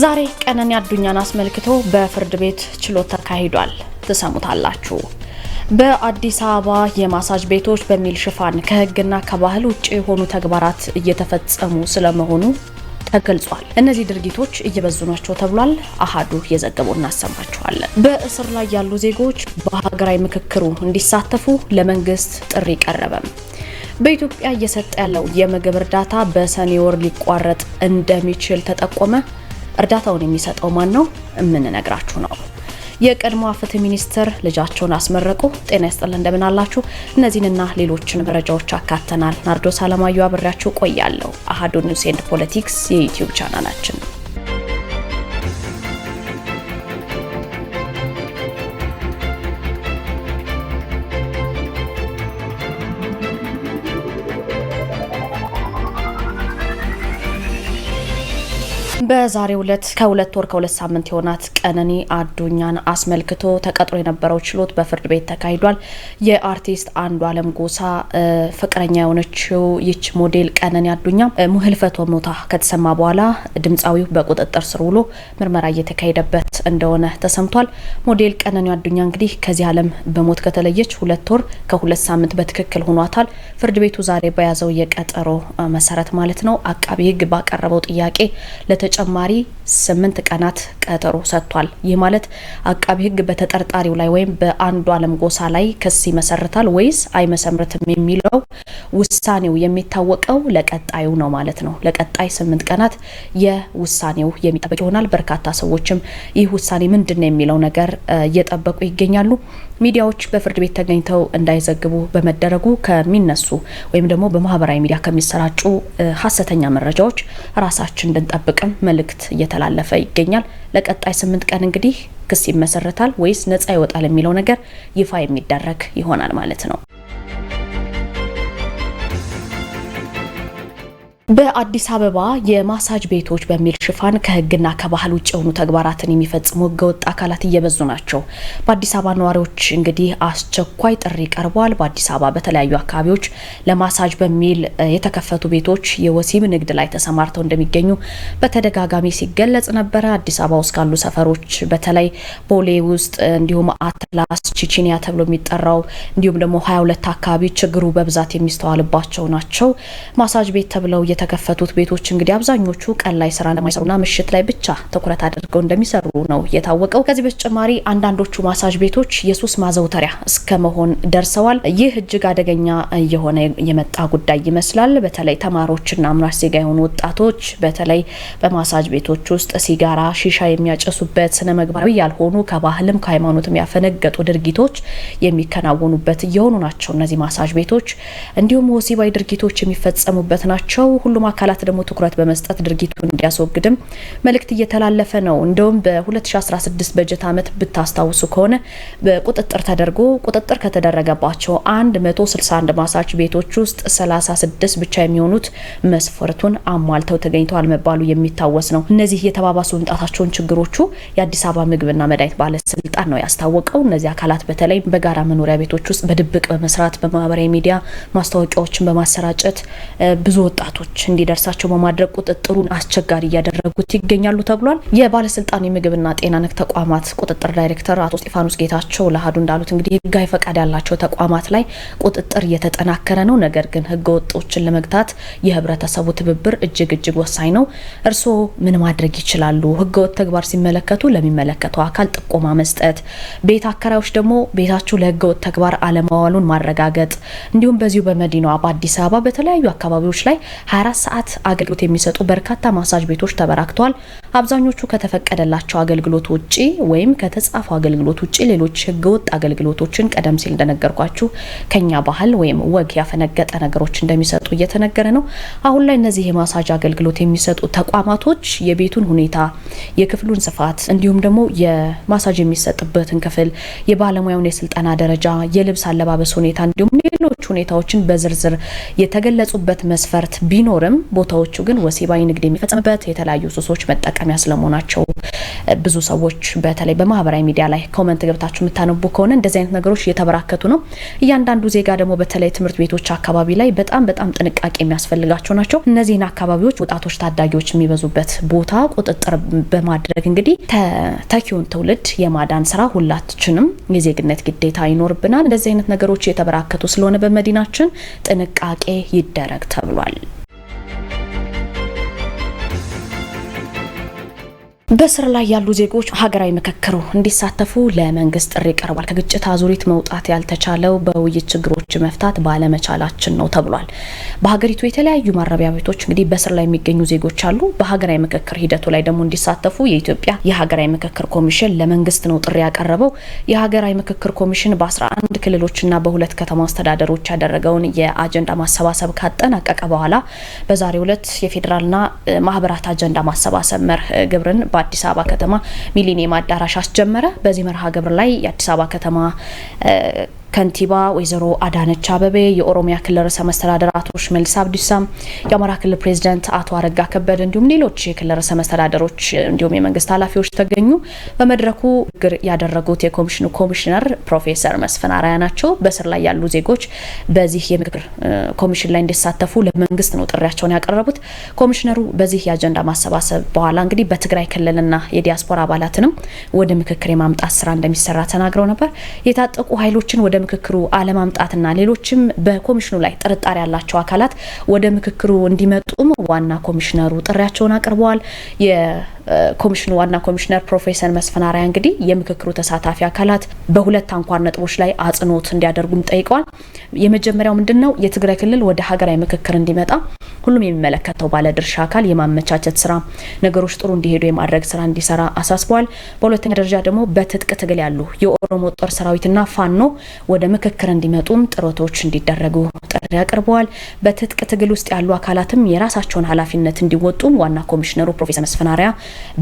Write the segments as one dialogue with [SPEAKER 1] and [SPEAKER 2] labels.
[SPEAKER 1] ዛሬ ቀነኒ አዱኛን አስመልክቶ በፍርድ ቤት ችሎት ተካሂዷል። ትሰሙታላችሁ። በአዲስ አበባ የማሳጅ ቤቶች በሚል ሽፋን ከህግና ከባህል ውጭ የሆኑ ተግባራት እየተፈጸሙ ስለመሆኑ ተገልጿል። እነዚህ ድርጊቶች እየበዙ ናቸው ተብሏል። አሃዱ የዘገበው እናሰማችኋለን። በእስር ላይ ያሉ ዜጎች በሀገራዊ ምክክሩ እንዲሳተፉ ለመንግስት ጥሪ ቀረበም። በኢትዮጵያ እየሰጠ ያለው የምግብ እርዳታ በሰኔ ወር ሊቋረጥ እንደሚችል ተጠቆመ። እርዳታውን የሚሰጠው ማን ነው የምንነግራችሁ ነው። የቀድሞ ፍትህ ሚኒስትር ልጃቸውን አስመረቁ። ጤና ይስጥልን እንደምን አላችሁ? እነዚህንና ሌሎችን መረጃዎች አካተናል። ናርዶስ አለማየሁ አብሬያችሁ ቆያለሁ። አሀዱ ኒውስ ኤንድ ፖለቲክስ የዩትዩብ ቻናላችን በዛሬው ዕለት ከሁለት ወር ከሁለት ሳምንት የሆናት ቀነኒ አዱኛን አስመልክቶ ተቀጥሮ የነበረው ችሎት በፍርድ ቤት ተካሂዷል። የአርቲስት አንዱ አለም ጎሳ ፍቅረኛ የሆነችው ይች ሞዴል ቀነኒ አዱኛ ህልፈተ ሞታ ከተሰማ በኋላ ድምፃዊው በቁጥጥር ስር ውሎ ምርመራ እየተካሄደበት እንደሆነ ተሰምቷል። ሞዴል ቀነኒ አዱኛ እንግዲህ ከዚህ ዓለም በሞት ከተለየች ሁለት ወር ከሁለት ሳምንት በትክክል ሆኗታል። ፍርድ ቤቱ ዛሬ በያዘው የቀጠሮ መሰረት ማለት ነው አቃቢ ህግ ባቀረበው ጥያቄ ለተጫ ተጨማሪ ስምንት ቀናት ቀጠሮ ሰጥቷል። ይህ ማለት አቃቢ ህግ በተጠርጣሪው ላይ ወይም በአንዱ አለም ጎሳ ላይ ክስ ይመሰርታል ወይስ አይመሰምርትም የሚለው ውሳኔው የሚታወቀው ለቀጣዩ ነው ማለት ነው። ለቀጣይ ስምንት ቀናት የውሳኔው የሚጠበቅ ይሆናል። በርካታ ሰዎችም ይህ ውሳኔ ምንድን ነው የሚለው ነገር እየጠበቁ ይገኛሉ። ሚዲያዎች በፍርድ ቤት ተገኝተው እንዳይዘግቡ በመደረጉ ከሚነሱ ወይም ደግሞ በማህበራዊ ሚዲያ ከሚሰራጩ ሀሰተኛ መረጃዎች ራሳችን እንድንጠብቅም መልእክት እየተላለፈ ይገኛል። ለቀጣይ ስምንት ቀን እንግዲህ ክስ ይመሰረታል ወይስ ነፃ ይወጣል የሚለው ነገር ይፋ የሚደረግ ይሆናል ማለት ነው። በአዲስ አበባ የማሳጅ ቤቶች በሚል ሽፋን ከህግና ከባህል ውጭ የሆኑ ተግባራትን የሚፈጽሙ ህገወጥ አካላት እየበዙ ናቸው። በአዲስ አበባ ነዋሪዎች እንግዲህ አስቸኳይ ጥሪ ቀርቧል። በአዲስ አበባ በተለያዩ አካባቢዎች ለማሳጅ በሚል የተከፈቱ ቤቶች የወሲብ ንግድ ላይ ተሰማርተው እንደሚገኙ በተደጋጋሚ ሲገለጽ ነበረ። አዲስ አበባ ውስጥ ካሉ ሰፈሮች በተለይ ቦሌ ውስጥ እንዲሁም አትላስ ቺቺኒያ ተብሎ የሚጠራው እንዲሁም ደግሞ ሀያ ሁለት አካባቢ ችግሩ በብዛት የሚስተዋልባቸው ናቸው። ማሳጅ ቤት ተብለው የተከፈቱት ቤቶች እንግዲህ አብዛኞቹ ቀን ላይ ስራ ለማይሰሩና ምሽት ላይ ብቻ ትኩረት አድርገው እንደሚሰሩ ነው የታወቀው። ከዚህ በተጨማሪ አንዳንዶቹ ማሳጅ ቤቶች የሱስ ማዘውተሪያ እስከ መሆን ደርሰዋል። ይህ እጅግ አደገኛ የሆነ የመጣ ጉዳይ ይመስላል። በተለይ ተማሪዎችና አምራች ዜጋ የሆኑ ወጣቶች በተለይ በማሳጅ ቤቶች ውስጥ ሲጋራ፣ ሺሻ የሚያጨሱበት ስነ ምግባራዊ ያልሆኑ ከባህልም ከሃይማኖትም ያፈነገጡ ድርጊቶች የሚከናወኑበት እየሆኑ ናቸው። እነዚህ ማሳጅ ቤቶች እንዲሁም ወሲባዊ ድርጊቶች የሚፈጸሙበት ናቸው። ሁሉም አካላት ደግሞ ትኩረት በመስጠት ድርጊቱን እንዲያስወግድም መልእክት እየተላለፈ ነው። እንደውም በ2016 በጀት ዓመት ብታስታውሱ ከሆነ በቁጥጥር ተደርጎ ቁጥጥር ከተደረገባቸው 161 ማሳጅ ቤቶች ውስጥ 36 ብቻ የሚሆኑት መስፈርቱን አሟልተው ተገኝተዋል መባሉ የሚታወስ ነው። እነዚህ የተባባሱ መምጣታቸውን ችግሮቹ የአዲስ አበባ ምግብና መድኃኒት ባለስልጣን ነው ያስታወቀው። እነዚህ አካላት በተለይ በጋራ መኖሪያ ቤቶች ውስጥ በድብቅ በመስራት በማህበራዊ ሚዲያ ማስታወቂያዎችን በማሰራጨት ብዙ ወጣቶች ተጎጂዎች እንዲደርሳቸው በማድረግ ቁጥጥሩን አስቸጋሪ እያደረጉት ይገኛሉ ተብሏል። የባለስልጣን የምግብና ጤና ነክ ተቋማት ቁጥጥር ዳይሬክተር አቶ ስጢፋኖስ ጌታቸው ለአሀዱ እንዳሉት እንግዲህ ህጋዊ ፈቃድ ያላቸው ተቋማት ላይ ቁጥጥር እየተጠናከረ ነው። ነገር ግን ህገ ወጦችን ለመግታት የህብረተሰቡ ትብብር እጅግ እጅግ ወሳኝ ነው። እርስዎ ምን ማድረግ ይችላሉ? ህገ ወጥ ተግባር ሲመለከቱ ለሚመለከተው አካል ጥቆማ መስጠት፣ ቤት አከራዮች ደግሞ ቤታችሁ ለህገ ወጥ ተግባር አለማዋሉን ማረጋገጥ እንዲሁም በዚሁ በመዲናዋ በአዲስ አበባ በተለያዩ አካባቢዎች ላይ 24 ሰዓት አገልግሎት የሚሰጡ በርካታ ማሳጅ ቤቶች ተበራክተዋል። አብዛኞቹ ከተፈቀደላቸው አገልግሎት ውጪ ወይም ከተጻፈው አገልግሎት ውጪ ሌሎች ህገወጥ አገልግሎቶችን ቀደም ሲል እንደነገርኳችሁ ከኛ ባህል ወይም ወግ ያፈነገጠ ነገሮች እንደሚሰጡ እየተነገረ ነው። አሁን ላይ እነዚህ የማሳጅ አገልግሎት የሚሰጡ ተቋማቶች የቤቱን ሁኔታ፣ የክፍሉን ስፋት እንዲሁም ደግሞ የማሳጅ የሚሰጥበትን ክፍል፣ የባለሙያውን የስልጠና ደረጃ፣ የልብስ አለባበስ ሁኔታ እንዲሁም ሌሎች ሁኔታዎችን በዝርዝር የተገለጹበት መስፈርት ቢኖርም ቦታዎቹ ግን ወሲባዊ ንግድ የሚፈጸምበት የተለያዩ ሱሶች መጠቀም መጠቀሚያ ስለመሆናቸው ብዙ ሰዎች በተለይ በማህበራዊ ሚዲያ ላይ ኮመንት ገብታችሁ የምታነቡ ከሆነ እንደዚህ አይነት ነገሮች እየተበራከቱ ነው። እያንዳንዱ ዜጋ ደግሞ በተለይ ትምህርት ቤቶች አካባቢ ላይ በጣም በጣም ጥንቃቄ የሚያስፈልጋቸው ናቸው። እነዚህን አካባቢዎች ወጣቶች፣ ታዳጊዎች የሚበዙበት ቦታ ቁጥጥር በማድረግ እንግዲህ ተኪውን ትውልድ የማዳን ስራ ሁላችንም የዜግነት ግዴታ ይኖርብናል። እንደዚህ አይነት ነገሮች እየተበራከቱ ስለሆነ በመዲናችን ጥንቃቄ ይደረግ ተብሏል። በስር ላይ ያሉ ዜጎች ሀገራዊ ምክክሩ እንዲሳተፉ ለመንግስት ጥሪ ቀርቧል። ከግጭት አዙሪት መውጣት ያልተቻለው በውይይት ችግሮች መፍታት ባለመቻላችን ነው ተብሏል። በሀገሪቱ የተለያዩ ማረቢያ ቤቶች እንግዲህ በስር ላይ የሚገኙ ዜጎች አሉ። በሀገራዊ ምክክር ሂደቱ ላይ ደግሞ እንዲሳተፉ የኢትዮጵያ የሀገራዊ ምክክር ኮሚሽን ለመንግስት ነው ጥሪ ያቀረበው። የሀገራዊ ምክክር ኮሚሽን በ11 ክልሎችና በሁለት ከተማ አስተዳደሮች ያደረገውን የአጀንዳ ማሰባሰብ ካጠናቀቀ በኋላ በዛሬው ዕለት የፌዴራልና ማህበራት አጀንዳ ማሰባሰብ መርህ ግብርን በአዲስ አበባ ከተማ ሚሊኒየም አዳራሽ አስጀመረ። በዚህ መርሃ ግብር ላይ የአዲስ አበባ ከተማ ከንቲባ ወይዘሮ አዳነች አበቤ፣ የኦሮሚያ ክልል ርዕሰ መስተዳደር አቶ ሽመልስ አብዲሳም፣ የአማራ ክልል ፕሬዚደንት አቶ አረጋ ከበደ እንዲሁም ሌሎች የክልል ርዕሰ መስተዳደሮች እንዲሁም የመንግስት ኃላፊዎች ተገኙ። በመድረኩ ግር ያደረጉት የኮሚሽኑ ኮሚሽነር ፕሮፌሰር መስፍን አራያ ናቸው። በስር ላይ ያሉ ዜጎች በዚህ የምክክር ኮሚሽን ላይ እንዲሳተፉ ለመንግስት ነው ጥሪያቸውን ያቀረቡት። ኮሚሽነሩ በዚህ የአጀንዳ ማሰባሰብ በኋላ እንግዲህ በትግራይ ክልልና የዲያስፖራ አባላትንም ወደ ምክክር የማምጣት ስራ እንደሚሰራ ተናግረው ነበር። የታጠቁ ኃይሎችን ወደ ምክክሩ አለማምጣትና ሌሎችም በኮሚሽኑ ላይ ጥርጣሬ ያላቸው አካላት ወደ ምክክሩ እንዲመጡም ዋና ኮሚሽነሩ ጥሪያቸውን አቅርበዋል። ኮሚሽኑ ዋና ኮሚሽነር ፕሮፌሰር መስፍን አርአያ እንግዲህ የምክክሩ ተሳታፊ አካላት በሁለት አንኳር ነጥቦች ላይ አጽንኦት እንዲያደርጉም ጠይቀዋል። የመጀመሪያው ምንድን ነው? የትግራይ ክልል ወደ ሀገራዊ ምክክር እንዲመጣ ሁሉም የሚመለከተው ባለድርሻ አካል የማመቻቸት ስራ፣ ነገሮች ጥሩ እንዲሄዱ የማድረግ ስራ እንዲሰራ አሳስበዋል። በሁለተኛ ደረጃ ደግሞ በትጥቅ ትግል ያሉ የኦሮሞ ጦር ሰራዊትና ፋኖ ወደ ምክክር እንዲመጡም ጥረቶች እንዲደረጉ ጥሪ አቅርበዋል። በትጥቅ ትግል ውስጥ ያሉ አካላትም የራሳቸውን ኃላፊነት እንዲወጡም ዋና ኮሚሽነሩ ፕሮፌሰር መስፍን አርአያ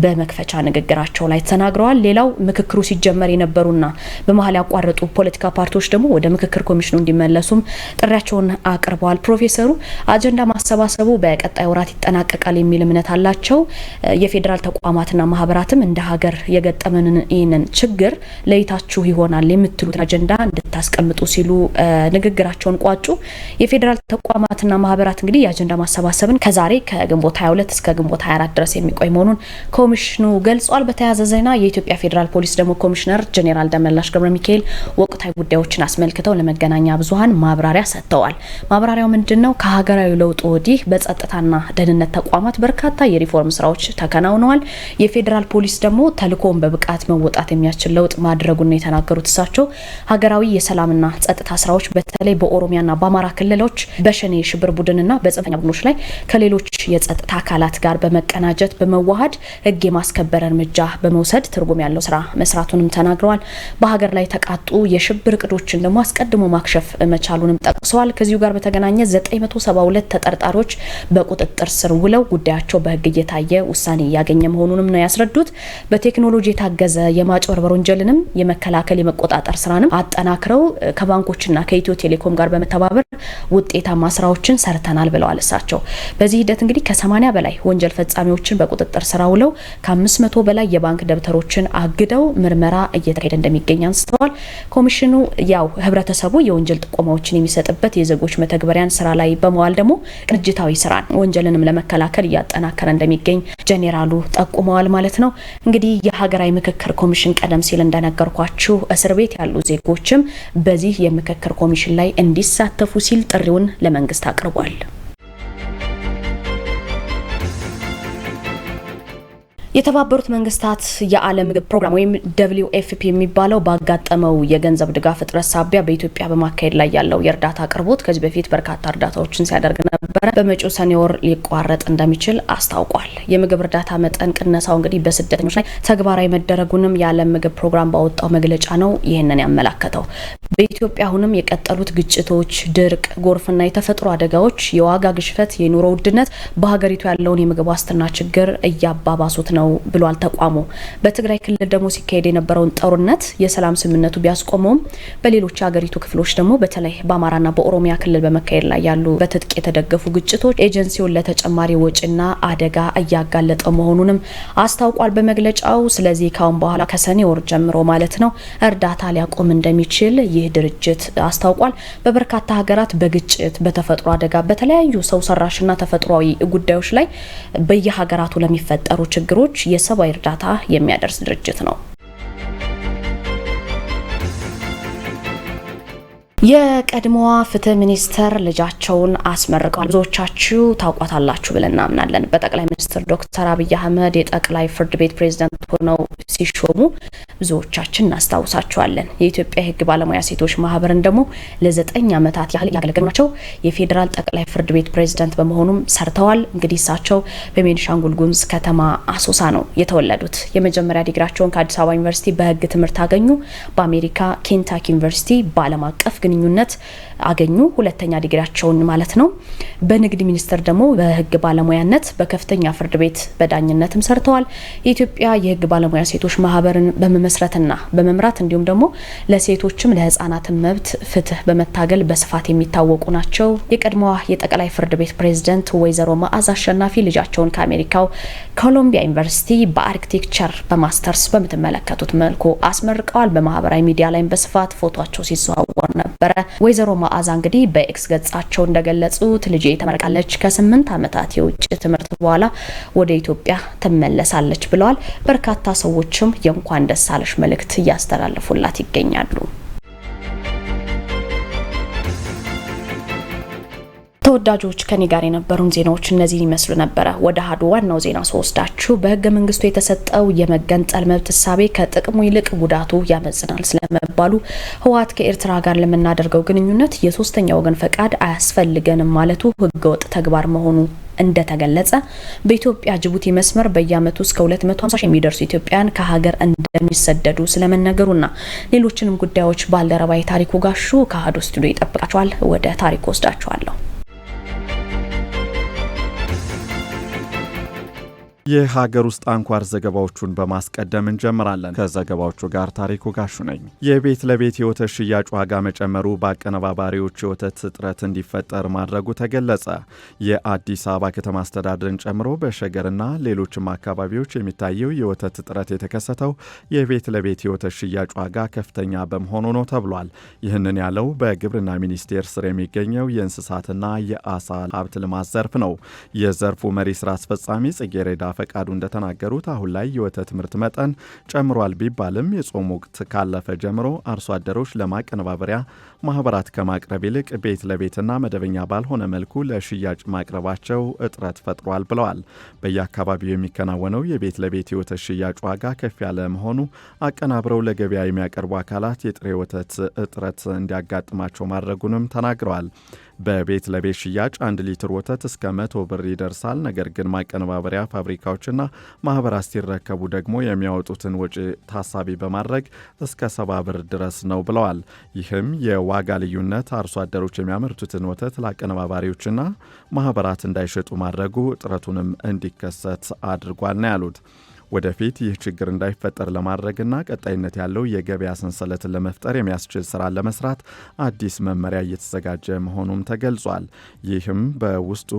[SPEAKER 1] በመክፈቻ ንግግራቸው ላይ ተናግረዋል። ሌላው ምክክሩ ሲጀመር የነበሩና በመሀል ያቋረጡ ፖለቲካ ፓርቲዎች ደግሞ ወደ ምክክር ኮሚሽኑ እንዲመለሱም ጥሪያቸውን አቅርበዋል። ፕሮፌሰሩ አጀንዳ ማሰባሰቡ በቀጣይ ወራት ይጠናቀቃል የሚል እምነት አላቸው። የፌዴራል ተቋማትና ማህበራትም እንደ ሀገር የገጠመንን ይህንን ችግር ለይታችሁ ይሆናል የምትሉት አጀንዳ እንድታስቀምጡ ሲሉ ንግግራቸውን ቋጩ። የፌዴራል ተቋማትና ማህበራት እንግዲህ የአጀንዳ ማሰባሰብን ከዛሬ ከግንቦት 22 እስከ ግንቦት 24 ድረስ የሚቆይ መሆኑን ኮሚሽኑ ገልጿል። በተያያዘ ዜና የኢትዮጵያ ፌዴራል ፖሊስ ደግሞ ኮሚሽነር ጄኔራል ደመላሽ ገብረ ሚካኤል ወቅታዊ ጉዳዮችን አስመልክተው ለመገናኛ ብዙሀን ማብራሪያ ሰጥተዋል። ማብራሪያው ምንድን ነው? ከሀገራዊ ለውጥ ወዲህ በጸጥታና ደህንነት ተቋማት በርካታ የሪፎርም ስራዎች ተከናውነዋል። የፌዴራል ፖሊስ ደግሞ ተልእኮውን በብቃት መወጣት የሚያስችል ለውጥ ማድረጉን የተናገሩት እሳቸው ሀገራዊ የሰላምና ጸጥታ ስራዎች በተለይ በኦሮሚያና በአማራ ክልሎች በሸኔ የሽብር ቡድንና በጽንፈኛ ቡድኖች ላይ ከሌሎች የጸጥታ አካላት ጋር በመቀናጀት በመዋሃድ ህግ የማስከበር እርምጃ በመውሰድ ትርጉም ያለው ስራ መስራቱንም ተናግረዋል። በሀገር ላይ ተቃጡ የሽብር እቅዶችን ደግሞ አስቀድሞ ማክሸፍ መቻሉንም ጠቅሰዋል። ከዚሁ ጋር በተገናኘ 972 ተጠርጣሪዎች በቁጥጥር ስር ውለው ጉዳያቸው በህግ እየታየ ውሳኔ እያገኘ መሆኑንም ነው ያስረዱት። በቴክኖሎጂ የታገዘ የማጭበርበር ወንጀልንም የመከላከል የመቆጣጠር ስራንም አጠናክረው ከባንኮችና ከኢትዮ ቴሌኮም ጋር በመተባበር ውጤታማ ስራዎችን ሰርተናል ብለዋል። እሳቸው በዚህ ሂደት እንግዲህ ከ80 በላይ ወንጀል ፈጻሚዎችን በቁጥጥር ስራ ውለው ከ500 በላይ የባንክ ደብተሮችን አግደው ምርመራ እየተካሄደ እንደሚገኝ አንስተዋል። ኮሚሽኑ ያው ህብረተሰቡ የወንጀል ጥቆማዎችን የሚሰጥ የሚሰጥበት የዜጎች መተግበሪያን ስራ ላይ በመዋል ደግሞ ቅንጅታዊ ስራ ወንጀልንም ለመከላከል እያጠናከረ እንደሚገኝ ጄኔራሉ ጠቁመዋል ማለት ነው። እንግዲህ የሀገራዊ ምክክር ኮሚሽን ቀደም ሲል እንደነገርኳችሁ እስር ቤት ያሉ ዜጎችም በዚህ የምክክር ኮሚሽን ላይ እንዲሳተፉ ሲል ጥሪውን ለመንግስት አቅርቧል። የተባበሩት መንግስታት የዓለም ምግብ ፕሮግራም ወይም ደብሊው ኤፍፒ የሚባለው ባጋጠመው የገንዘብ ድጋፍ እጥረት ሳቢያ በኢትዮጵያ በማካሄድ ላይ ያለው የእርዳታ አቅርቦት ከዚህ በፊት በርካታ እርዳታዎችን ሲያደርግ ነበረ። በመጪው ሰኔ ወር ሊቋረጥ እንደሚችል አስታውቋል። የምግብ እርዳታ መጠን ቅነሳው እንግዲህ በስደተኞች ላይ ተግባራዊ መደረጉንም የዓለም ምግብ ፕሮግራም ባወጣው መግለጫ ነው ይህንን ያመላከተው። በኢትዮጵያ አሁንም የቀጠሉት ግጭቶች፣ ድርቅ፣ ጎርፍና የተፈጥሮ አደጋዎች፣ የዋጋ ግሽፈት፣ የኑሮ ውድነት በሀገሪቱ ያለውን የምግብ ዋስትና ችግር እያባባሱት ነው ብሏል ተቋሙ። በትግራይ ክልል ደግሞ ሲካሄድ የነበረውን ጦርነት የሰላም ስምምነቱ ቢያስቆመውም በሌሎች የሀገሪቱ ክፍሎች ደግሞ በተለይ በአማራና በኦሮሚያ ክልል በመካሄድ ላይ ያሉ በትጥቅ የተደገፉ ግጭቶች ኤጀንሲውን ለተጨማሪ ወጪና አደጋ እያጋለጠ መሆኑንም አስታውቋል በመግለጫው። ስለዚህ ካሁን በኋላ ከሰኔ ወር ጀምሮ ማለት ነው እርዳታ ሊያቆም እንደሚችል ይህ ድርጅት አስታውቋል። በበርካታ ሀገራት በግጭት በተፈጥሮ አደጋ፣ በተለያዩ ሰው ሰራሽና ተፈጥሯዊ ጉዳዮች ላይ በየሀገራቱ ለሚፈጠሩ ችግሮች የሰብአዊ እርዳታ የሚያደርስ ድርጅት ነው። የቀድሞዋ ፍትህ ሚኒስተር ልጃቸውን አስመርቀዋል። ብዙዎቻችሁ ታውቋታላችሁ ብለን እናምናለን። በጠቅላይ ሚኒስትር ዶክተር አብይ አህመድ የጠቅላይ ፍርድ ቤት ፕሬዝዳንት ሆነው ሲሾሙ ብዙዎቻችን እናስታውሳቸዋለን። የኢትዮጵያ የህግ ባለሙያ ሴቶች ማህበርን ደግሞ ለዘጠኝ ዓመታት ያህል ያገለገሉ ናቸው። የፌዴራል ጠቅላይ ፍርድ ቤት ፕሬዝዳንት በመሆኑም ሰርተዋል። እንግዲህ እሳቸው በቤኒሻንጉል ጉምዝ ከተማ አሶሳ ነው የተወለዱት። የመጀመሪያ ዲግራቸውን ከአዲስ አበባ ዩኒቨርሲቲ በህግ ትምህርት አገኙ። በአሜሪካ ኬንታክ ዩኒቨርሲቲ በዓለም አቀፍ net አገኙ፣ ሁለተኛ ዲግሪያቸውን ማለት ነው። በንግድ ሚኒስቴር ደግሞ በህግ ባለሙያነት በከፍተኛ ፍርድ ቤት በዳኝነትም ሰርተዋል። የኢትዮጵያ የህግ ባለሙያ ሴቶች ማህበርን በመመስረትና በመምራት እንዲሁም ደግሞ ለሴቶችም ለህጻናትም መብት ፍትህ በመታገል በስፋት የሚታወቁ ናቸው። የቀድሞዋ የጠቅላይ ፍርድ ቤት ፕሬዝደንት ወይዘሮ መዓዛ አሸናፊ ልጃቸውን ከአሜሪካው ኮሎምቢያ ዩኒቨርሲቲ በአርክቴክቸር በማስተርስ በምትመለከቱት መልኩ አስመርቀዋል። በማህበራዊ ሚዲያ ላይም በስፋት ፎቶቸው ሲዘዋወር ነበረ። ወይዘሮ መዓዛ እንግዲህ በኤክስ ገጻቸው እንደገለጹት ልጄ ተመርቃለች። ከስምንት ዓመታት የውጭ ትምህርት በኋላ ወደ ኢትዮጵያ ትመለሳለች ብለዋል። በርካታ ሰዎችም የእንኳን ደስ አለሽ መልእክት እያስተላለፉላት ይገኛሉ። ተወዳጆች ከኔ ጋር የነበሩን ዜናዎች እነዚህን ይመስሉ ነበረ። ወደ አሀዱ ዋናው ዜና ስወስዳችሁ በህገ መንግስቱ የተሰጠው የመገንጠል መብት እሳቤ ከጥቅሙ ይልቅ ጉዳቱ ያመዝናል ስለመባሉ፣ ህወሓት ከኤርትራ ጋር ለምናደርገው ግንኙነት የሶስተኛ ወገን ፈቃድ አያስፈልገንም ማለቱ ህገወጥ ተግባር መሆኑ እንደተገለጸ፣ በኢትዮጵያ ጅቡቲ መስመር በየአመቱ እስከ 250 የሚደርሱ ኢትዮጵያውያን ከሀገር እንደሚሰደዱ ስለመነገሩና ሌሎችንም ጉዳዮች ባልደረባዊ ታሪኩ ጋሹ ከአሀዱ ስቱዲዮ ይጠብቃቸዋል። ወደ ታሪኩ ወስዳችኋለሁ።
[SPEAKER 2] የሀገር ውስጥ አንኳር ዘገባዎቹን በማስቀደም እንጀምራለን። ከዘገባዎቹ ጋር ታሪኩ ጋሹ ነኝ። የቤት ለቤት የወተት ሽያጭ ዋጋ መጨመሩ በአቀነባባሪዎች የወተት እጥረት እንዲፈጠር ማድረጉ ተገለጸ። የአዲስ አበባ ከተማ አስተዳደርን ጨምሮ በሸገርና ሌሎችም አካባቢዎች የሚታየው የወተት እጥረት የተከሰተው የቤት ለቤት የወተት ሽያጭ ዋጋ ከፍተኛ በመሆኑ ነው ተብሏል። ይህንን ያለው በግብርና ሚኒስቴር ስር የሚገኘው የእንስሳትና የአሳ ሀብት ልማት ዘርፍ ነው። የዘርፉ መሪ ስራ አስፈጻሚ ጽጌሬዳ ፈቃዱ እንደተናገሩት አሁን ላይ የወተት ምርት መጠን ጨምሯል ቢባልም የጾም ወቅት ካለፈ ጀምሮ አርሶ አደሮች ለማቀነባበሪያ ማህበራት ከማቅረብ ይልቅ ቤት ለቤትና መደበኛ ባልሆነ መልኩ ለሽያጭ ማቅረባቸው እጥረት ፈጥሯል ብለዋል። በየአካባቢው የሚከናወነው የቤት ለቤት የወተት ሽያጭ ዋጋ ከፍ ያለ መሆኑ አቀናብረው ለገበያ የሚያቀርቡ አካላት የጥሬ ወተት እጥረት እንዲያጋጥማቸው ማድረጉንም ተናግረዋል። በቤት ለቤት ሽያጭ አንድ ሊትር ወተት እስከ መቶ ብር ይደርሳል። ነገር ግን ማቀነባበሪያ ፋብሪካዎችና ማህበራት ሲረከቡ ደግሞ የሚያወጡትን ወጪ ታሳቢ በማድረግ እስከ ሰባ ብር ድረስ ነው ብለዋል። ይህም የዋጋ ልዩነት አርሶ አደሮች የሚያመርቱትን ወተት ለአቀነባባሪዎችና ማህበራት እንዳይሸጡ ማድረጉ እጥረቱንም እንዲከሰት አድርጓል ነው ያሉት። ወደፊት ይህ ችግር እንዳይፈጠር ለማድረግና ቀጣይነት ያለው የገበያ ሰንሰለትን ለመፍጠር የሚያስችል ስራ ለመስራት አዲስ መመሪያ እየተዘጋጀ መሆኑም ተገልጿል። ይህም በውስጡ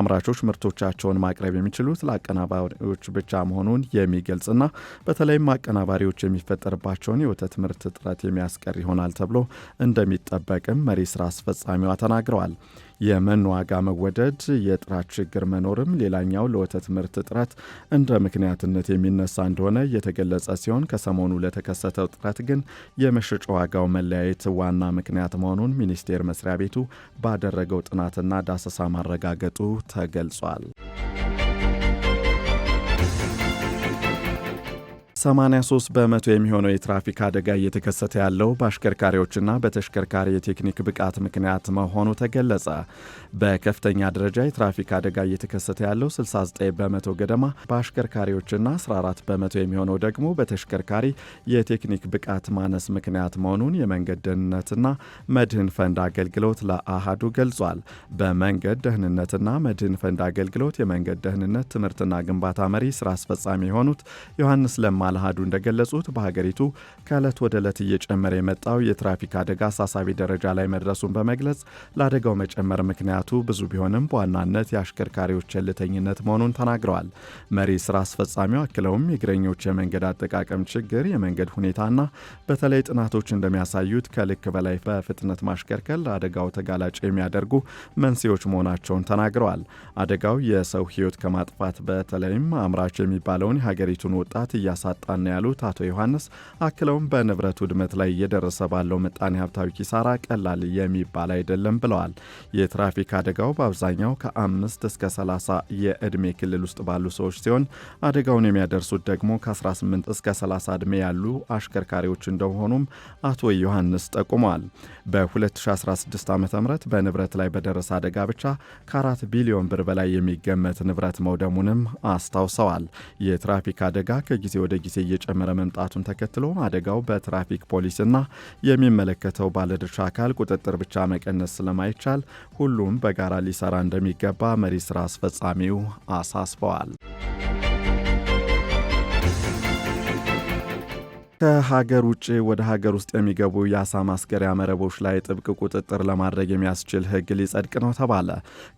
[SPEAKER 2] አምራቾች ምርቶቻቸውን ማቅረብ የሚችሉት ለአቀናባሪዎች ብቻ መሆኑን የሚገልጽና በተለይም አቀናባሪዎች የሚፈጠርባቸውን የወተት ምርት እጥረት የሚያስቀር ይሆናል ተብሎ እንደሚጠበቅም መሪ ስራ አስፈጻሚዋ ተናግረዋል። የመኖ ዋጋ መወደድ፣ የጥራት ችግር መኖርም ሌላኛው ለወተት ምርት እጥረት እንደ ምክንያትነት የሚነሳ እንደሆነ የተገለጸ ሲሆን ከሰሞኑ ለተከሰተው ጥራት ግን የመሸጫ ዋጋው መለያየት ዋና ምክንያት መሆኑን ሚኒስቴር መስሪያ ቤቱ ባደረገው ጥናትና ዳሰሳ ማረጋገጡ ተገልጿል። 83 በመቶ የሚሆነው የትራፊክ አደጋ እየተከሰተ ያለው በአሽከርካሪዎችና በተሽከርካሪ የቴክኒክ ብቃት ምክንያት መሆኑ ተገለጸ። በከፍተኛ ደረጃ የትራፊክ አደጋ እየተከሰተ ያለው 69 በመቶ ገደማ በአሽከርካሪዎችና 14 በመቶ የሚሆነው ደግሞ በተሽከርካሪ የቴክኒክ ብቃት ማነስ ምክንያት መሆኑን የመንገድ ደህንነትና መድህን ፈንድ አገልግሎት ለአሃዱ ገልጿል። በመንገድ ደህንነትና መድህን ፈንድ አገልግሎት የመንገድ ደህንነት ትምህርትና ግንባታ መሪ ስራ አስፈጻሚ የሆኑት ዮሐንስ ለማ አልሃዱ እንደገለጹት በሀገሪቱ ከዕለት ወደ ዕለት እየጨመረ የመጣው የትራፊክ አደጋ አሳሳቢ ደረጃ ላይ መድረሱን በመግለጽ ለአደጋው መጨመር ምክንያቱ ብዙ ቢሆንም በዋናነት የአሽከርካሪዎች ቸልተኝነት መሆኑን ተናግረዋል። መሪ ስራ አስፈጻሚው አክለውም የእግረኞች የመንገድ አጠቃቀም ችግር፣ የመንገድ ሁኔታና በተለይ ጥናቶች እንደሚያሳዩት ከልክ በላይ በፍጥነት ማሽከርከል ለአደጋው ተጋላጭ የሚያደርጉ መንስኤዎች መሆናቸውን ተናግረዋል። አደጋው የሰው ሕይወት ከማጥፋት በተለይም አምራች የሚባለውን የሀገሪቱን ወጣት እያሳ። እያጣን ነው ያሉት አቶ ዮሐንስ አክለውም በንብረት ውድመት ላይ እየደረሰ ባለው ምጣኔ ሀብታዊ ኪሳራ ቀላል የሚባል አይደለም ብለዋል። የትራፊክ አደጋው በአብዛኛው ከአምስት እስከ 30 የዕድሜ ክልል ውስጥ ባሉ ሰዎች ሲሆን አደጋውን የሚያደርሱት ደግሞ ከ18 እስከ 30 ዕድሜ ያሉ አሽከርካሪዎች እንደሆኑም አቶ ዮሐንስ ጠቁመዋል። በ2016 ዓ ም በንብረት ላይ በደረሰ አደጋ ብቻ ከ4 ቢሊዮን ብር በላይ የሚገመት ንብረት መውደሙንም አስታውሰዋል። የትራፊክ አደጋ ከጊዜ ወደ ጊዜ ጊዜ እየጨመረ መምጣቱን ተከትሎ አደጋው በትራፊክ ፖሊስና የሚመለከተው ባለድርሻ አካል ቁጥጥር ብቻ መቀነስ ስለማይቻል ሁሉም በጋራ ሊሰራ እንደሚገባ መሪ ስራ አስፈጻሚው አሳስበዋል። ከሀገር ውጭ ወደ ሀገር ውስጥ የሚገቡ የአሳ ማስገሪያ መረቦች ላይ ጥብቅ ቁጥጥር ለማድረግ የሚያስችል ሕግ ሊጸድቅ ነው ተባለ።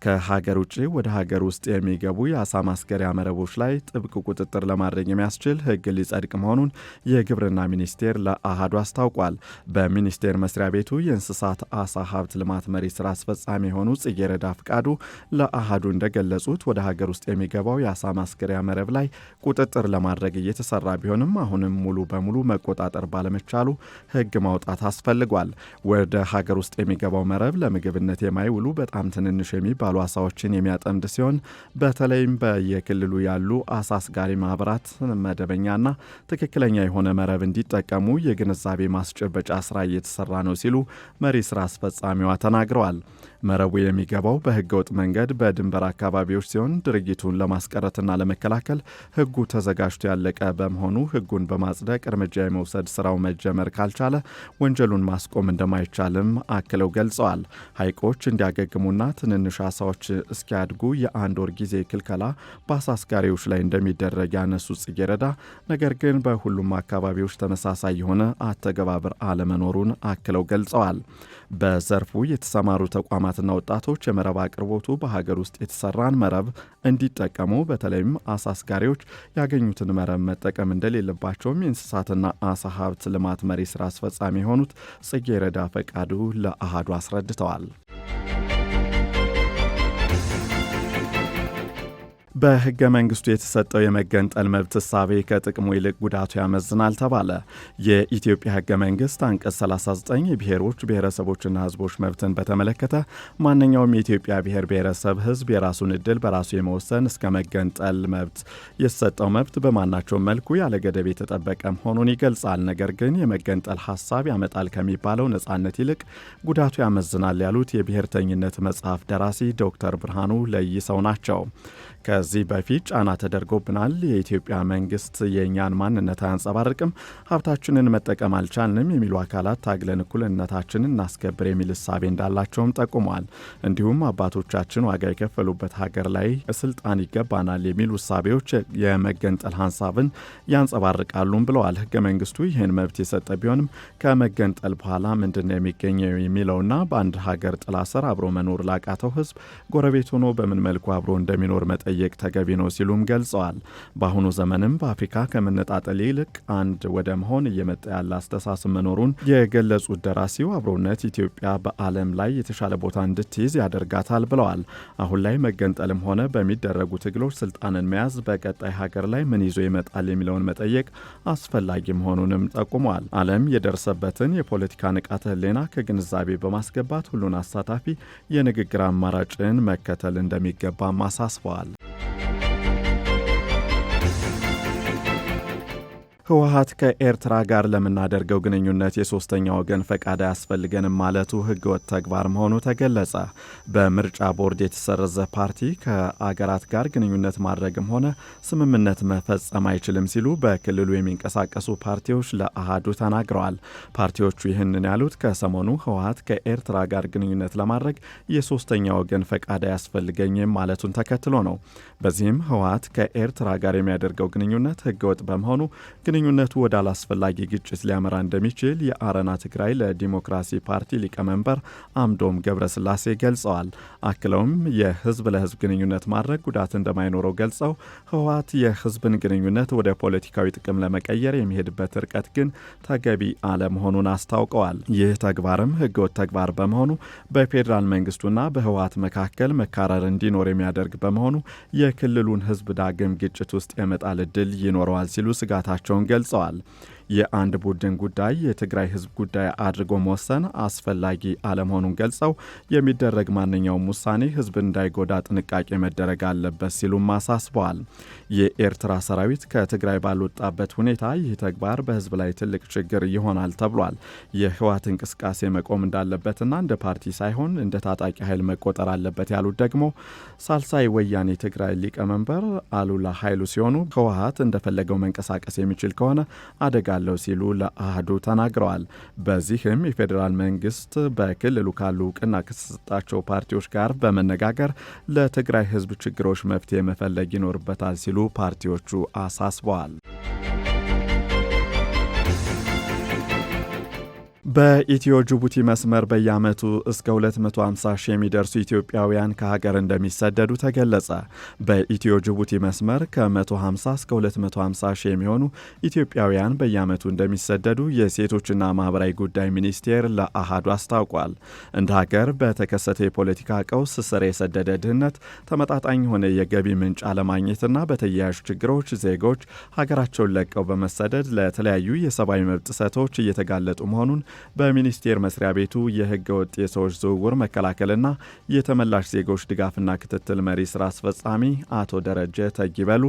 [SPEAKER 2] ከሀገር ውጭ ወደ ሀገር ውስጥ የሚገቡ የአሳ ማስገሪያ መረቦች ላይ ጥብቅ ቁጥጥር ለማድረግ የሚያስችል ሕግ ሊጸድቅ መሆኑን የግብርና ሚኒስቴር ለአሃዱ አስታውቋል። በሚኒስቴር መስሪያ ቤቱ የእንስሳት አሳ ሀብት ልማት መሪ ስራ አስፈጻሚ የሆኑ ጽጌረዳ ፍቃዱ ለአሃዱ እንደገለጹት ወደ ሀገር ውስጥ የሚገባው የአሳ ማስገሪያ መረብ ላይ ቁጥጥር ለማድረግ እየተሰራ ቢሆንም አሁንም ሙሉ በሙሉ መቆጣጠር ባለመቻሉ ህግ ማውጣት አስፈልጓል። ወደ ሀገር ውስጥ የሚገባው መረብ ለምግብነት የማይውሉ በጣም ትንንሽ የሚባሉ አሳዎችን የሚያጠምድ ሲሆን በተለይም በየክልሉ ያሉ አሳ አስጋሪ ማህበራት መደበኛና ትክክለኛ የሆነ መረብ እንዲጠቀሙ የግንዛቤ ማስጨበጫ ስራ እየተሰራ ነው ሲሉ መሪ ስራ አስፈጻሚዋ ተናግረዋል። መረቡ የሚገባው በህገወጥ መንገድ በድንበር አካባቢዎች ሲሆን ድርጊቱን ለማስቀረትና ለመከላከል ህጉ ተዘጋጅቶ ያለቀ በመሆኑ ህጉን በማጽደቅ እርምጃ የመውሰድ ስራው መጀመር ካልቻለ ወንጀሉን ማስቆም እንደማይቻልም አክለው ገልጸዋል። ሐይቆች እንዲያገግሙና ትንንሽ አሳዎች እስኪያድጉ የአንድ ወር ጊዜ ክልከላ በአሳ አስጋሪዎች ላይ እንደሚደረግ ያነሱ ጽጌረዳ፣ ነገር ግን በሁሉም አካባቢዎች ተመሳሳይ የሆነ አተገባበር አለመኖሩን አክለው ገልጸዋል። በዘርፉ የተሰማሩ ተቋማትና ወጣቶች የመረብ አቅርቦቱ በሀገር ውስጥ የተሰራን መረብ እንዲጠቀሙ በተለይም አሳ አስጋሪዎች ያገኙትን መረብ መጠቀም እንደሌለባቸውም የእንስሳትና አሳ ሀብት ልማት መሪ ስራ አስፈጻሚ የሆኑት ጽጌረዳ ፈቃዱ ለአሃዱ አስረድተዋል። በህገ መንግስቱ የተሰጠው የመገንጠል መብት እሳቤ ከጥቅሙ ይልቅ ጉዳቱ ያመዝናል ተባለ። የኢትዮጵያ ህገ መንግስት አንቀጽ 39 የብሔሮች ብሔረሰቦችና ህዝቦች መብትን በተመለከተ ማንኛውም የኢትዮጵያ ብሔር ብሔረሰብ ህዝብ የራሱን እድል በራሱ የመወሰን እስከ መገንጠል መብት የተሰጠው መብት በማናቸውም መልኩ ያለ ገደብ የተጠበቀ መሆኑን ይገልጻል። ነገር ግን የመገንጠል ሀሳብ ያመጣል ከሚባለው ነጻነት ይልቅ ጉዳቱ ያመዝናል ያሉት የብሔርተኝነት መጽሐፍ ደራሲ ዶክተር ብርሃኑ ለይሰው ናቸው። ከዚህ በፊት ጫና ተደርጎብናል። የኢትዮጵያ መንግስት የእኛን ማንነት አያንጸባርቅም፣ ሀብታችንን መጠቀም አልቻልንም የሚሉ አካላት ታግለን እኩልነታችንን እናስከብር የሚል እሳቤ እንዳላቸውም ጠቁመዋል። እንዲሁም አባቶቻችን ዋጋ የከፈሉበት ሀገር ላይ ስልጣን ይገባናል የሚሉ እሳቤዎች የመገንጠል ሀንሳብን ያንጸባርቃሉም ብለዋል። ህገ መንግስቱ ይህን መብት የሰጠ ቢሆንም ከመገንጠል በኋላ ምንድን ነው የሚገኘው የሚለውና በአንድ ሀገር ጥላ ስር አብሮ መኖር ላቃተው ህዝብ ጎረቤት ሆኖ በምን መልኩ አብሮ እንደሚኖር መጠ መጠየቅ ተገቢ ነው ሲሉም ገልጸዋል። በአሁኑ ዘመንም በአፍሪካ ከመነጣጠል ይልቅ አንድ ወደ መሆን እየመጣ ያለ አስተሳሰብ መኖሩን የገለጹት ደራሲው አብሮነት ኢትዮጵያ በዓለም ላይ የተሻለ ቦታ እንድትይዝ ያደርጋታል ብለዋል። አሁን ላይ መገንጠልም ሆነ በሚደረጉ ትግሎች ስልጣንን መያዝ በቀጣይ ሀገር ላይ ምን ይዞ ይመጣል የሚለውን መጠየቅ አስፈላጊ መሆኑንም ጠቁመዋል። ዓለም የደረሰበትን የፖለቲካ ንቃተ ሕሊና ከግንዛቤ በማስገባት ሁሉን አሳታፊ የንግግር አማራጭን መከተል እንደሚገባም አሳስበዋል። Thank you. ህወሀት ከኤርትራ ጋር ለምናደርገው ግንኙነት የሶስተኛ ወገን ፈቃድ አያስፈልገንም ማለቱ ህገወጥ ተግባር መሆኑ ተገለጸ። በምርጫ ቦርድ የተሰረዘ ፓርቲ ከአገራት ጋር ግንኙነት ማድረግም ሆነ ስምምነት መፈጸም አይችልም ሲሉ በክልሉ የሚንቀሳቀሱ ፓርቲዎች ለአሃዱ ተናግረዋል። ፓርቲዎቹ ይህንን ያሉት ከሰሞኑ ህወሀት ከኤርትራ ጋር ግንኙነት ለማድረግ የሶስተኛ ወገን ፈቃድ አያስፈልገኝም ማለቱን ተከትሎ ነው። በዚህም ህወሀት ከኤርትራ ጋር የሚያደርገው ግንኙነት ህገወጥ በመሆኑ ግንኙነቱ ወደ አላስፈላጊ ግጭት ሊያመራ እንደሚችል የአረና ትግራይ ለዲሞክራሲ ፓርቲ ሊቀመንበር አምዶም ገብረስላሴ ገልጸዋል። አክለውም የህዝብ ለህዝብ ግንኙነት ማድረግ ጉዳት እንደማይኖረው ገልጸው ህወሓት የህዝብን ግንኙነት ወደ ፖለቲካዊ ጥቅም ለመቀየር የሚሄድበት ርቀት ግን ተገቢ አለመሆኑን አስታውቀዋል። ይህ ተግባርም ህገወጥ ተግባር በመሆኑ በፌዴራል መንግስቱና በህወሓት መካከል መካረር እንዲኖር የሚያደርግ በመሆኑ የክልሉን ህዝብ ዳግም ግጭት ውስጥ የመጣል እድል ይኖረዋል ሲሉ ስጋታቸውን መሆናቸውን ገልጸዋል። የአንድ ቡድን ጉዳይ የትግራይ ህዝብ ጉዳይ አድርጎ መወሰን አስፈላጊ አለመሆኑን ገልጸው የሚደረግ ማንኛውም ውሳኔ ህዝብ እንዳይጎዳ ጥንቃቄ መደረግ አለበት ሲሉም አሳስበዋል። የኤርትራ ሰራዊት ከትግራይ ባልወጣበት ሁኔታ ይህ ተግባር በህዝብ ላይ ትልቅ ችግር ይሆናል ተብሏል። የህወሓት እንቅስቃሴ መቆም እንዳለበትና እንደ ፓርቲ ሳይሆን እንደ ታጣቂ ኃይል መቆጠር አለበት ያሉት ደግሞ ሳልሳይ ወያኔ ትግራይ ሊቀመንበር አሉላ ኃይሉ ሲሆኑ ህወሓት እንደፈለገው መንቀሳቀስ የሚችል ከሆነ አደጋ አለው ሲሉ ለአህዱ ተናግረዋል። በዚህም የፌዴራል መንግስት በክልሉ ካሉ እውቅና ከተሰጣቸው ፓርቲዎች ጋር በመነጋገር ለትግራይ ህዝብ ችግሮች መፍትሄ መፈለግ ይኖርበታል ሲሉ ፓርቲዎቹ አሳስበዋል። በኢትዮ ጅቡቲ መስመር በየዓመቱ እስከ 250 ሺህ የሚደርሱ ኢትዮጵያውያን ከሀገር እንደሚሰደዱ ተገለጸ። በኢትዮ ጅቡቲ መስመር ከ150 እስከ 250 ሺህ የሚሆኑ ኢትዮጵያውያን በየዓመቱ እንደሚሰደዱ የሴቶችና ማህበራዊ ጉዳይ ሚኒስቴር ለአሃዱ አስታውቋል። እንደ ሀገር በተከሰተ የፖለቲካ ቀውስ ስር የሰደደ ድህነት፣ ተመጣጣኝ የሆነ የገቢ ምንጭ አለማግኘትና በተያያዥ ችግሮች ዜጎች ሀገራቸውን ለቀው በመሰደድ ለተለያዩ የሰብአዊ መብት ጥሰቶች እየተጋለጡ መሆኑን በሚኒስቴር መስሪያ ቤቱ የህገ ወጥ የሰዎች ዝውውር መከላከልና የተመላሽ ዜጎች ድጋፍና ክትትል መሪ ስራ አስፈጻሚ አቶ ደረጀ ተጊበሉ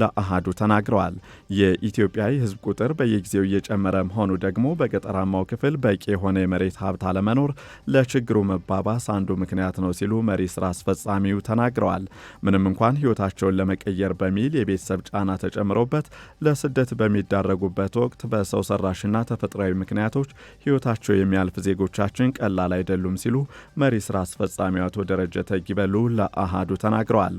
[SPEAKER 2] ለአሃዱ ተናግረዋል። የኢትዮጵያ ህዝብ ቁጥር በየጊዜው እየጨመረ መሆኑ ደግሞ በገጠራማው ክፍል በቂ የሆነ የመሬት ሀብት አለመኖር ለችግሩ መባባስ አንዱ ምክንያት ነው ሲሉ መሪ ስራ አስፈጻሚው ተናግረዋል። ምንም እንኳን ህይወታቸውን ለመቀየር በሚል የቤተሰብ ጫና ተጨምሮበት ለስደት በሚዳረጉበት ወቅት በሰው ሰራሽና ተፈጥሯዊ ምክንያቶች ሕይወታቸው የሚያልፍ ዜጎቻችን ቀላል አይደሉም ሲሉ መሪ ስራ አስፈጻሚው አቶ ደረጀ ተጊበሉ ለአሃዱ ተናግረዋል።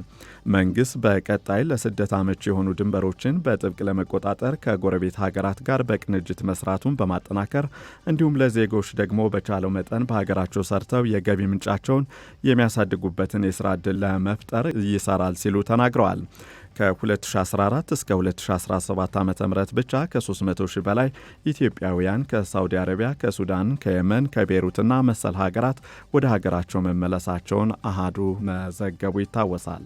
[SPEAKER 2] መንግስት በቀጣይ ለስደት አመች የሆኑ ድንበሮችን በጥብቅ ለመቆጣጠር ከጎረቤት ሀገራት ጋር በቅንጅት መስራቱን በማጠናከር እንዲሁም ለዜጎች ደግሞ በቻለው መጠን በሀገራቸው ሰርተው የገቢ ምንጫቸውን የሚያሳድጉበትን የስራ እድል ለመፍጠር ይሰራል ሲሉ ተናግረዋል። ከ2014 እስከ 2017 ዓ ም ብቻ ከ300 ሺህ በላይ ኢትዮጵያውያን ከሳውዲ አረቢያ፣ ከሱዳን፣ ከየመን፣ ከቤሩትና መሰል ሀገራት ወደ ሀገራቸው መመለሳቸውን አሃዱ መዘገቡ ይታወሳል።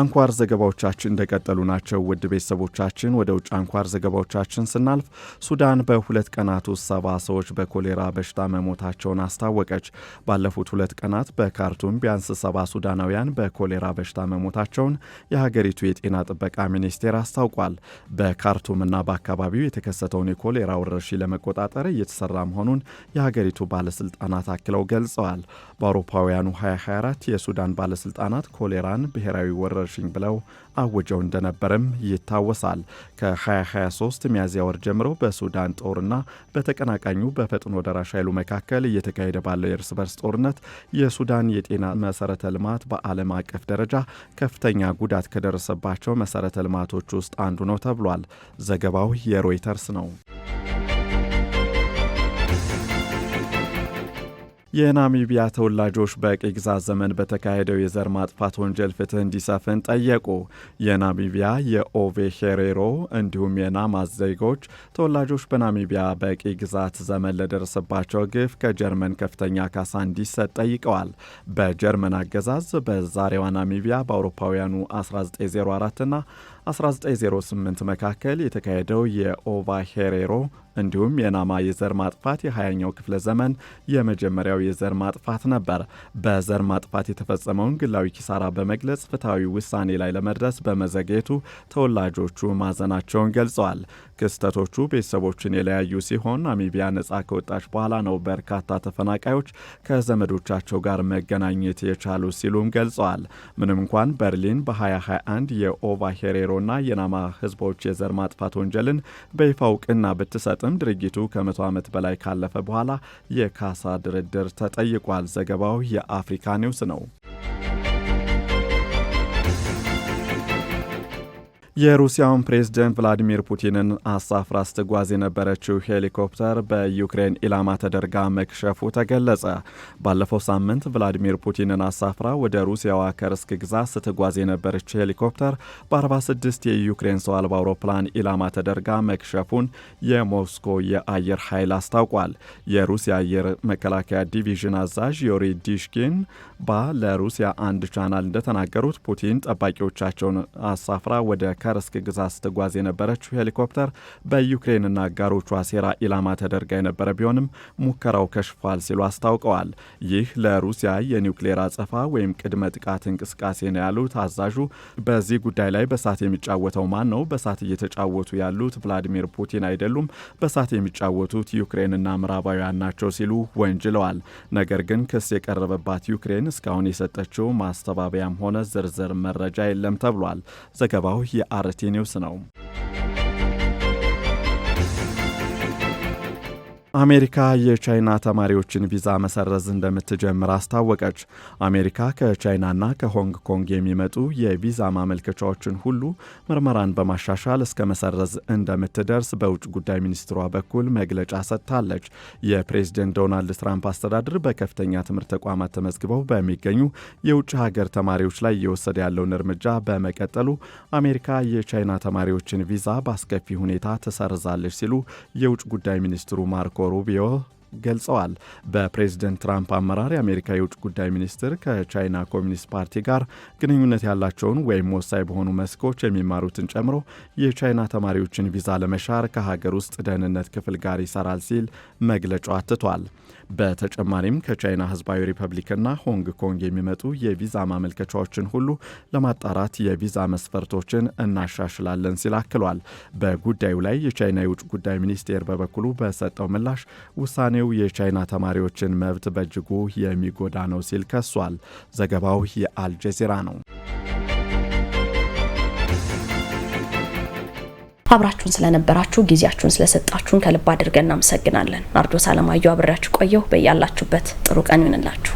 [SPEAKER 2] አንኳር ዘገባዎቻችን እንደቀጠሉ ናቸው። ውድ ቤተሰቦቻችን ወደ ውጭ አንኳር ዘገባዎቻችን ስናልፍ ሱዳን በሁለት ቀናት ውስጥ ሰባ ሰዎች በኮሌራ በሽታ መሞታቸውን አስታወቀች። ባለፉት ሁለት ቀናት በካርቱም ቢያንስ ሰባ ሱዳናውያን በኮሌራ በሽታ መሞታቸውን የሀገሪቱ የጤና ጥበቃ ሚኒስቴር አስታውቋል። በካርቱምና በአካባቢው የተከሰተውን የኮሌራ ወረርሽኝ ለመቆጣጠር እየተሰራ መሆኑን የሀገሪቱ ባለስልጣናት አክለው ገልጸዋል። በአውሮፓውያኑ 2024 የሱዳን ባለስልጣናት ኮሌራን ብሔራዊ ወረ ወረርሽኝ ብለው አውጀው እንደነበረም ይታወሳል። ከ2023 ሚያዝያ ወር ጀምሮ በሱዳን ጦርና በተቀናቃኙ በፈጥኖ ደራሽ ኃይሉ መካከል እየተካሄደ ባለው የእርስ በርስ ጦርነት የሱዳን የጤና መሰረተ ልማት በዓለም አቀፍ ደረጃ ከፍተኛ ጉዳት ከደረሰባቸው መሰረተ ልማቶች ውስጥ አንዱ ነው ተብሏል። ዘገባው የሮይተርስ ነው። የናሚቢያ ተወላጆች በቅኝ ግዛት ዘመን በተካሄደው የዘር ማጥፋት ወንጀል ፍትህ እንዲሰፍን ጠየቁ። የናሚቢያ የኦቬ ሄሬሮ እንዲሁም የናማዝ ዜጎች ተወላጆች በናሚቢያ በቅኝ ግዛት ዘመን ለደረሰባቸው ግፍ ከጀርመን ከፍተኛ ካሳ እንዲሰጥ ጠይቀዋል። በጀርመን አገዛዝ በዛሬዋ ናሚቢያ በአውሮፓውያኑ 1904 ና 1908 መካከል የተካሄደው የኦቫ ሄሬሮ እንዲሁም የናማ የዘር ማጥፋት የ20ኛው ክፍለ ዘመን የመጀመሪያው የዘር ማጥፋት ነበር። በዘር ማጥፋት የተፈጸመውን ግላዊ ኪሳራ በመግለጽ ፍትሐዊ ውሳኔ ላይ ለመድረስ በመዘግየቱ ተወላጆቹ ማዘናቸውን ገልጸዋል። ክስተቶቹ ቤተሰቦችን የለያዩ ሲሆን ናሚቢያ ነጻ ከወጣች በኋላ ነው በርካታ ተፈናቃዮች ከዘመዶቻቸው ጋር መገናኘት የቻሉ ሲሉም ገልጸዋል። ምንም እንኳን በርሊን በ2021 የኦቫ ሄሬሮ ና የናማ ህዝቦች የዘር ማጥፋት ወንጀልን በይፋ እውቅና ብትሰጥም ድርጊቱ ከመቶ ዓመት በላይ ካለፈ በኋላ የካሳ ድርድር ተጠይቋል። ዘገባው የአፍሪካ ኒውስ ነው። የሩሲያውን ፕሬዝደንት ቭላዲሚር ፑቲንን አሳፍራ ስትጓዝ የነበረችው ሄሊኮፕተር በዩክሬን ኢላማ ተደርጋ መክሸፉ ተገለጸ። ባለፈው ሳምንት ቭላዲሚር ፑቲንን አሳፍራ ወደ ሩሲያዋ ከርስክ ግዛት ስትጓዝ የነበረችው ሄሊኮፕተር በ46 የዩክሬን ሰው አልባ አውሮፕላን ኢላማ ተደርጋ መክሸፉን የሞስኮ የአየር ኃይል አስታውቋል። የሩሲያ አየር መከላከያ ዲቪዥን አዛዥ ዮሪ ዲሽኪን ባ ለሩሲያ አንድ ቻናል እንደተናገሩት ፑቲን ጠባቂዎቻቸውን አሳፍራ ወደ ከርስክ ግዛት ስትጓዝ የነበረችው ሄሊኮፕተር በዩክሬንና አጋሮቿ ሴራ ኢላማ ተደርጋ የነበረ ቢሆንም ሙከራው ከሽፏል ሲሉ አስታውቀዋል። ይህ ለሩሲያ የኒውክሌር አጸፋ ወይም ቅድመ ጥቃት እንቅስቃሴ ነው ያሉት አዛዡ በዚህ ጉዳይ ላይ በሳት የሚጫወተው ማን ነው? በሳት እየተጫወቱ ያሉት ቭላዲሚር ፑቲን አይደሉም። በሳት የሚጫወቱት ዩክሬንና ምዕራባውያን ናቸው ሲሉ ወንጅለዋል። ነገር ግን ክስ የቀረበባት ዩክሬን እስካሁን የሰጠችው ማስተባበያም ሆነ ዝርዝር መረጃ የለም ተብሏል። ዘገባው አርቲ ኒውስ ነው። አሜሪካ የቻይና ተማሪዎችን ቪዛ መሰረዝ እንደምትጀምር አስታወቀች። አሜሪካ ከቻይናና ከሆንግ ኮንግ የሚመጡ የቪዛ ማመልከቻዎችን ሁሉ ምርመራን በማሻሻል እስከ መሰረዝ እንደምትደርስ በውጭ ጉዳይ ሚኒስትሯ በኩል መግለጫ ሰጥታለች። የፕሬዝደንት ዶናልድ ትራምፕ አስተዳደር በከፍተኛ ትምህርት ተቋማት ተመዝግበው በሚገኙ የውጭ ሀገር ተማሪዎች ላይ እየወሰደ ያለውን እርምጃ በመቀጠሉ አሜሪካ የቻይና ተማሪዎችን ቪዛ በአስከፊ ሁኔታ ትሰርዛለች ሲሉ የውጭ ጉዳይ ሚኒስትሩ ማርኮ ပေါ်ရူပီယော ገልጸዋል። በፕሬዝደንት ትራምፕ አመራር የአሜሪካ የውጭ ጉዳይ ሚኒስትር ከቻይና ኮሚኒስት ፓርቲ ጋር ግንኙነት ያላቸውን ወይም ወሳኝ በሆኑ መስኮች የሚማሩትን ጨምሮ የቻይና ተማሪዎችን ቪዛ ለመሻር ከሀገር ውስጥ ደህንነት ክፍል ጋር ይሰራል ሲል መግለጫው አትቷል። በተጨማሪም ከቻይና ህዝባዊ ሪፐብሊክና ሆንግ ኮንግ የሚመጡ የቪዛ ማመልከቻዎችን ሁሉ ለማጣራት የቪዛ መስፈርቶችን እናሻሽላለን ሲል አክሏል። በጉዳዩ ላይ የቻይና የውጭ ጉዳይ ሚኒስቴር በበኩሉ በሰጠው ምላሽ ውሳኔው ውሳኔው የቻይና ተማሪዎችን መብት በእጅጉ የሚጎዳ ነው ሲል ከሷል። ዘገባው የአልጀዚራ ነው።
[SPEAKER 1] አብራችሁን ስለነበራችሁ ጊዜያችሁን ስለሰጣችሁን ከልብ አድርገን እናመሰግናለን። ናርዶስ አለማየሁ አብሬያችሁ ቆየሁ። በያላችሁበት ጥሩ ቀን ይሁንላችሁ።